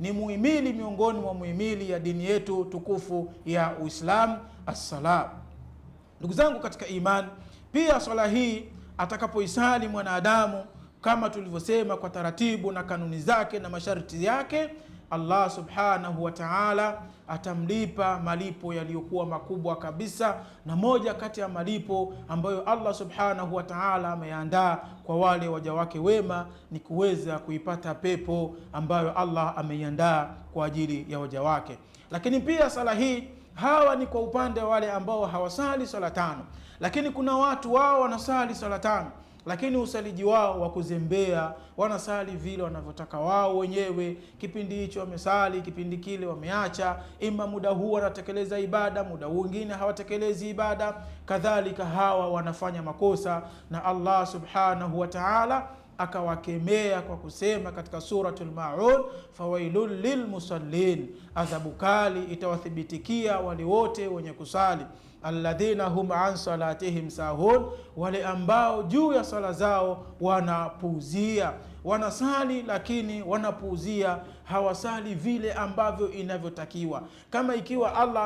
ni muhimili miongoni mwa muhimili ya dini yetu tukufu ya Uislamu, assalam. Ndugu zangu katika imani, pia swala hii atakapoisali mwanadamu kama tulivyosema, kwa taratibu na kanuni zake na masharti yake Allah subhanahu wa ta'ala atamlipa malipo yaliyokuwa makubwa kabisa, na moja kati ya malipo ambayo Allah subhanahu wa ta'ala ameandaa kwa wale waja wake wema ni kuweza kuipata pepo ambayo Allah ameiandaa kwa ajili ya waja wake. Lakini pia sala hii, hawa ni kwa upande wa wale ambao hawasali sala tano, lakini kuna watu wao wanasali sala tano lakini usaliji wao wa kuzembea, wanasali vile wanavyotaka wao wenyewe. Kipindi hicho wamesali, kipindi kile wameacha, ima muda huu wanatekeleza ibada, muda mwingine hawatekelezi ibada. Kadhalika hawa wanafanya makosa, na Allah subhanahu wa ta'ala akawakemea kwa kusema katika Suratul Maun, fawailun lilmusallin, adhabu kali itawathibitikia wale wote wenye kusali. Alladhina hum an salatihim sahun, wale ambao juu ya sala zao wanapuuzia. Wanasali lakini wanapuuzia, hawasali vile ambavyo inavyotakiwa. Kama ikiwa Allah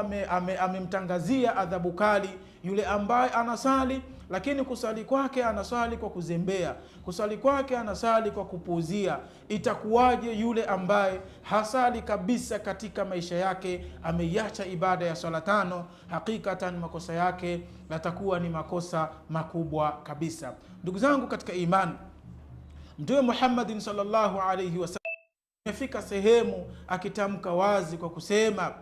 amemtangazia ame, ame adhabu kali yule ambaye anasali lakini kusali kwake anasali kwa kuzembea, kusali kwake anasali kwa kupuuzia. Itakuwaje yule ambaye hasali kabisa katika maisha yake, ameiacha ibada ya swala tano? Hakikatan makosa yake yatakuwa ni makosa makubwa kabisa. Ndugu zangu katika imani, Mtume Muhammadin sallallahu alaihi wasallam amefika sehemu akitamka wazi kwa kusema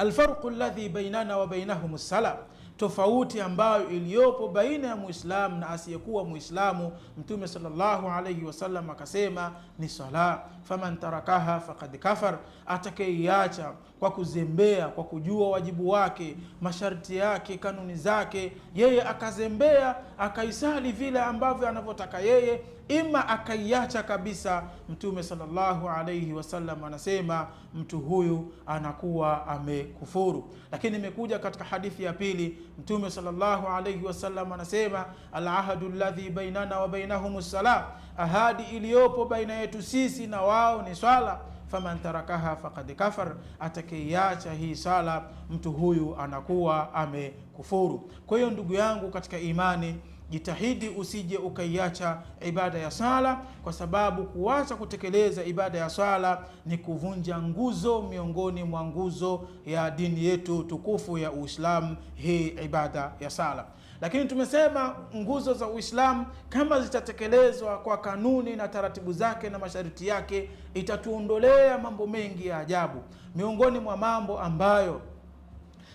alfarqu ladhi bainana wa bainahum salam, tofauti ambayo iliyopo baina ya muislamu na asiyekuwa muislamu. Mtume sallallahu alayhi wasallam akasema ni sala, faman tarakaha faqad kafar, atakayeiacha kwa kuzembea, kwa kujua wajibu wake, masharti yake, kanuni zake, yeye akazembea akaisali vile ambavyo anavyotaka yeye, ima akaiacha kabisa. Mtume sallallahu alaihi wasallam anasema mtu huyu anakuwa amekufuru. Lakini imekuja katika hadithi ya pili, Mtume sallallahu alaihi wasallam anasema alahadu ladhi bainana wa bainahum ssala ahadi iliyopo baina yetu sisi na wao ni swala faman tarakaha faqad kafar, atakayeacha hii sala mtu huyu anakuwa amekufuru. Kwa hiyo ndugu yangu katika imani Jitahidi usije ukaiacha ibada ya sala, kwa sababu kuacha kutekeleza ibada ya sala ni kuvunja nguzo miongoni mwa nguzo ya dini yetu tukufu ya Uislamu, hii ibada ya sala. Lakini tumesema nguzo za Uislamu kama zitatekelezwa kwa kanuni na taratibu zake na masharti yake, itatuondolea mambo mengi ya ajabu. Miongoni mwa mambo ambayo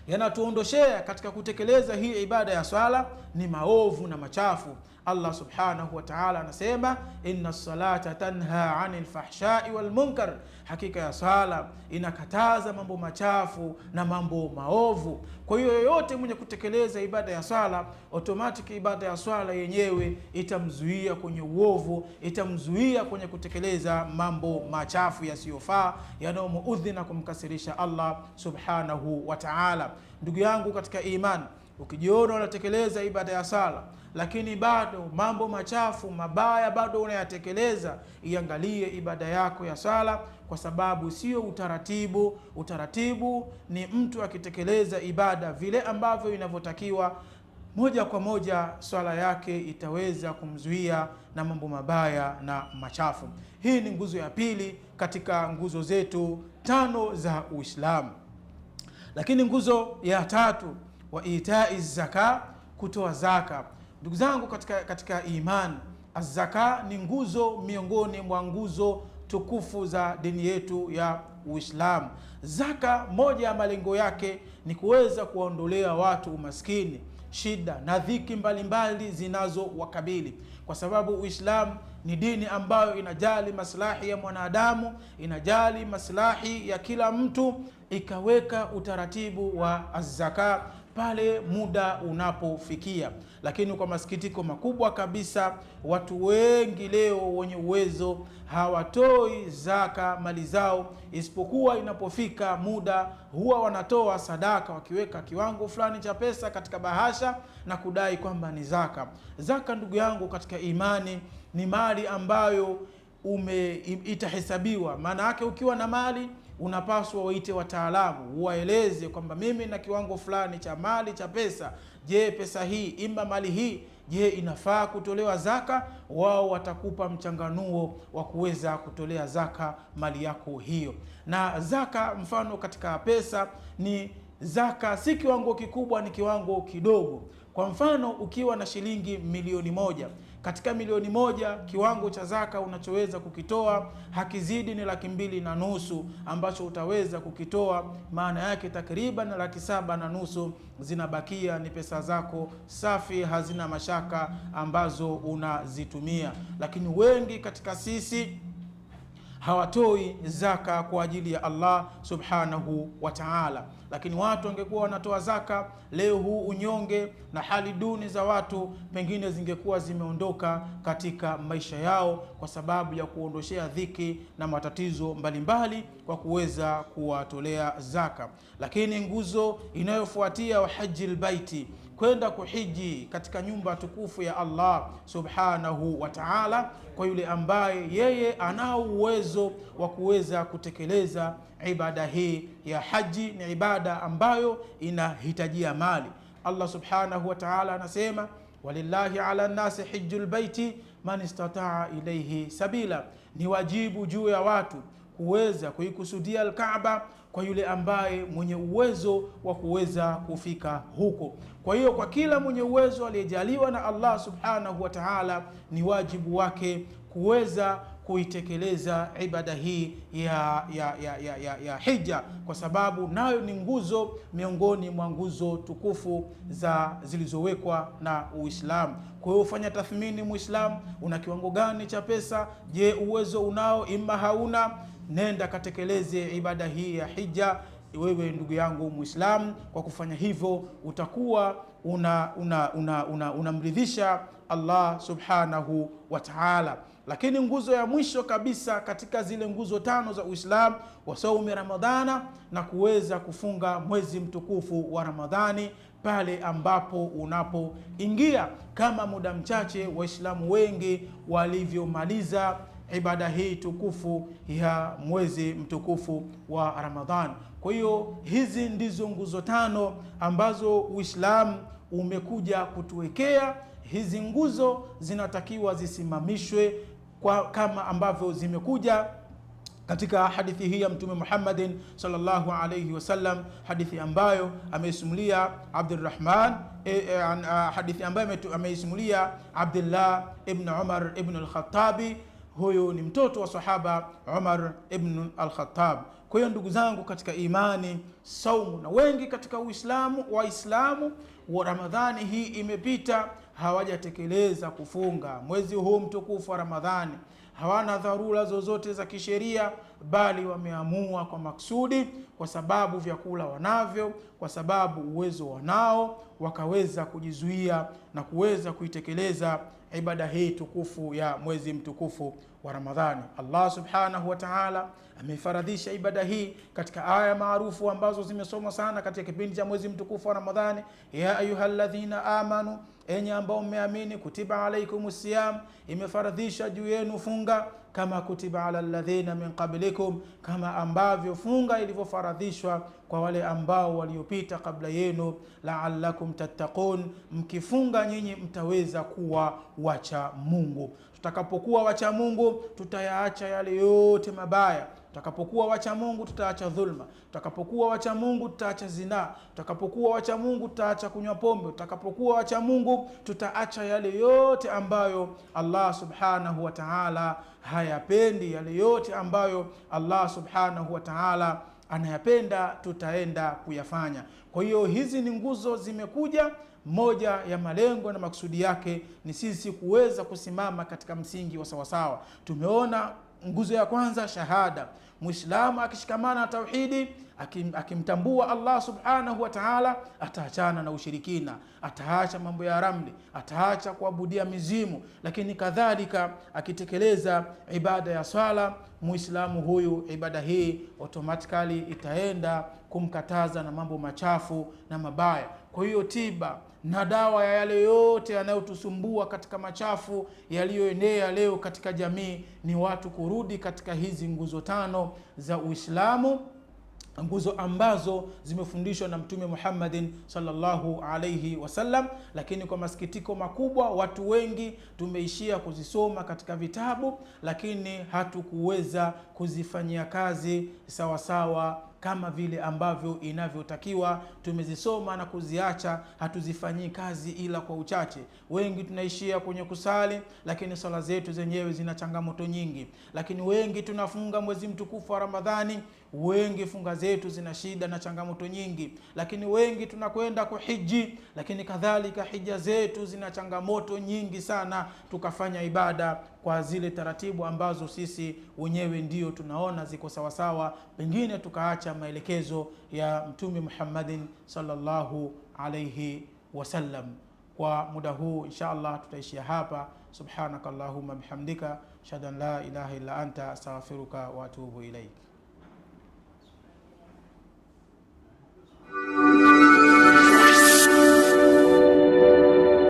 yanatuondoshea katika kutekeleza hii ibada ya swala ni maovu na machafu. Allah subhanahu wa ta'ala anasema inna salata tanha ani lfahshai walmunkar, hakika ya sala inakataza mambo machafu na mambo maovu. Kwa hiyo yoyote mwenye kutekeleza ibada ya sala, otomatiki ibada ya swala yenyewe itamzuia kwenye uovu, itamzuia kwenye kutekeleza mambo machafu yasiyofaa yanayomuudhi na kumkasirisha Allah subhanahu wa ta'ala. Ndugu yangu katika imani Ukijiona unatekeleza ibada ya sala, lakini bado mambo machafu mabaya bado unayatekeleza, iangalie ibada yako ya sala, kwa sababu sio utaratibu. Utaratibu ni mtu akitekeleza ibada vile ambavyo inavyotakiwa, moja kwa moja swala yake itaweza kumzuia na mambo mabaya na machafu. Hii ni nguzo ya pili katika nguzo zetu tano za Uislamu. Lakini nguzo ya tatu wa itai zaka, kutoa zaka. Ndugu zangu katika, katika iman, azaka ni nguzo miongoni mwa nguzo tukufu za dini yetu ya Uislamu. Zaka, moja ya malengo yake ni kuweza kuwaondolea watu umaskini, shida na dhiki mbalimbali zinazowakabili, kwa sababu Uislamu ni dini ambayo inajali maslahi ya mwanadamu, inajali maslahi ya kila mtu, ikaweka utaratibu wa azaka pale muda unapofikia. Lakini kwa masikitiko makubwa kabisa, watu wengi leo wenye uwezo hawatoi zaka mali zao, isipokuwa inapofika muda huwa wanatoa sadaka, wakiweka kiwango fulani cha pesa katika bahasha na kudai kwamba ni zaka. Zaka, ndugu yangu, katika imani ni mali ambayo ume itahesabiwa. Maana yake ukiwa na mali unapaswa waite wataalamu, waeleze kwamba mimi na kiwango fulani cha mali cha pesa. Je, pesa hii ima mali hii je, inafaa kutolewa zaka? Wao watakupa mchanganuo wa kuweza kutolea zaka mali yako hiyo. Na zaka mfano katika pesa ni zaka, si kiwango kikubwa, ni kiwango kidogo. Kwa mfano ukiwa na shilingi milioni moja katika milioni moja, kiwango cha zaka unachoweza kukitoa hakizidi ni laki mbili na nusu ambacho utaweza kukitoa. Maana yake takriban laki saba na nusu zinabakia ni pesa zako safi, hazina mashaka ambazo unazitumia, lakini wengi katika sisi hawatoi zaka kwa ajili ya Allah subhanahu wa ta'ala. Lakini watu wangekuwa wanatoa zaka, leo huu unyonge na hali duni za watu pengine zingekuwa zimeondoka katika maisha yao, kwa sababu ya kuondoshea dhiki na matatizo mbalimbali mbali kwa kuweza kuwatolea zaka. Lakini nguzo inayofuatia wa hajjil baiti kwenda kuhiji katika nyumba tukufu ya Allah subhanahu wa ta'ala, kwa yule ambaye yeye anao uwezo wa kuweza kutekeleza ibada hii ya haji. Ni ibada ambayo inahitajia mali. Allah subhanahu wa ta'ala anasema walillahi ala nnasi hiju lbaiti man istataa ilaihi sabila, ni wajibu juu ya watu kuweza kuikusudia Alkaaba kwa yule ambaye mwenye uwezo wa kuweza kufika huko. Kwa hiyo kwa kila mwenye uwezo aliyejaliwa na Allah subhanahu wa ta'ala, ni wajibu wake kuweza kuitekeleza ibada hii ya, ya, ya, ya, ya, ya hija, kwa sababu nayo ni nguzo miongoni mwa nguzo tukufu za zilizowekwa na Uislamu. Kwa hiyo ufanya tathmini, Muislamu una kiwango gani cha pesa? Je, uwezo unao? Ima hauna, nenda katekeleze ibada hii ya hija wewe ndugu yangu Muislamu, kwa kufanya hivyo utakuwa unamridhisha una, una, una Allah subhanahu wa ta'ala. Lakini nguzo ya mwisho kabisa katika zile nguzo tano za Uislamu, wasaumi Ramadhana, na kuweza kufunga mwezi mtukufu wa Ramadhani pale ambapo unapoingia, kama muda mchache Waislamu wengi walivyomaliza ibada hii tukufu ya mwezi mtukufu wa Ramadhani. Kwa hiyo hizi ndizo nguzo tano ambazo Uislamu umekuja kutuwekea. Hizi nguzo zinatakiwa zisimamishwe kwa kama ambavyo zimekuja katika hadithi hii ya Mtume Muhammadin sallallahu alayhi wasallam, hadithi ambayo ameisimulia Abdurrahman e, e, hadithi ambayo ameisimulia Abdullah ibn Umar ibn al-Khattabi. Huyu ni mtoto wa sahaba Umar ibn al-Khattab. Kwa hiyo ndugu zangu katika imani, saumu na wengi katika Uislamu, Waislamu wa Ramadhani hii imepita hawajatekeleza kufunga mwezi huu mtukufu wa Ramadhani, hawana dharura zozote za kisheria, bali wameamua kwa maksudi, kwa sababu vyakula wanavyo, kwa sababu uwezo wanao, wakaweza kujizuia na kuweza kuitekeleza ibada hii tukufu ya mwezi mtukufu wa Ramadhani. Allah subhanahu wa ta'ala ameifaradhisha ibada hii katika aya maarufu ambazo zimesomwa sana katika kipindi cha mwezi mtukufu wa Ramadhani, ya ayuha ladhina amanu enye ambao mmeamini, kutiba alaikum siyam, imefaradhisha juu yenu funga, kama kutiba ala ladhina min qablikum, kama ambavyo funga ilivyofaradhishwa kwa wale ambao waliopita kabla yenu, laalakum tattaqun, mkifunga nyinyi mtaweza kuwa wacha Mungu. Tutakapokuwa wacha Mungu, tutayaacha yale yote mabaya Tutakapokuwa wacha Mungu tutaacha dhulma, tutakapokuwa wacha Mungu tutaacha zinaa, tutakapokuwa wacha Mungu tutaacha kunywa pombe, tutakapokuwa wacha Mungu tutaacha yale yote ambayo Allah subhanahu wa ta'ala hayapendi, yale yote ambayo Allah subhanahu wa ta'ala anayapenda tutaenda kuyafanya. Kwa hiyo hizi ni nguzo zimekuja. Moja ya malengo na makusudi yake ni sisi kuweza kusimama katika msingi wa sawasawa. Tumeona Nguzo ya kwanza shahada, muislamu akishikamana na tauhidi, akimtambua Allah subhanahu wa ta'ala, ataachana na ushirikina, ataacha mambo ya ramli, ataacha kuabudia mizimu, lakini kadhalika akitekeleza ibada ya swala muislamu huyu ibada hii automatically itaenda kumkataza na mambo machafu na mabaya. Kwa hiyo tiba na dawa ya yale yote yanayotusumbua katika machafu yaliyoenea leo katika jamii ni watu kurudi katika hizi nguzo tano za Uislamu nguzo ambazo zimefundishwa na Mtume Muhammadin sallallahu alaihi wasallam, lakini kwa masikitiko makubwa watu wengi tumeishia kuzisoma katika vitabu, lakini hatukuweza kuzifanyia kazi sawasawa kama vile ambavyo inavyotakiwa. Tumezisoma na kuziacha, hatuzifanyii kazi ila kwa uchache. Wengi tunaishia kwenye kusali, lakini sala zetu zenyewe zina changamoto nyingi. Lakini wengi tunafunga mwezi mtukufu wa Ramadhani, Wengi funga zetu zina shida na changamoto nyingi, lakini wengi tunakwenda kuhiji, lakini kadhalika hija zetu zina changamoto nyingi sana, tukafanya ibada kwa zile taratibu ambazo sisi wenyewe ndio tunaona ziko sawasawa, pengine tukaacha maelekezo ya Mtume Muhammadin sallallahu alaihi wasallam. Kwa muda huu insha allah tutaishia hapa. Subhanaka bihamdika ashhadu an la ilaha illa anta astaghfiruka wa atubu ilaik.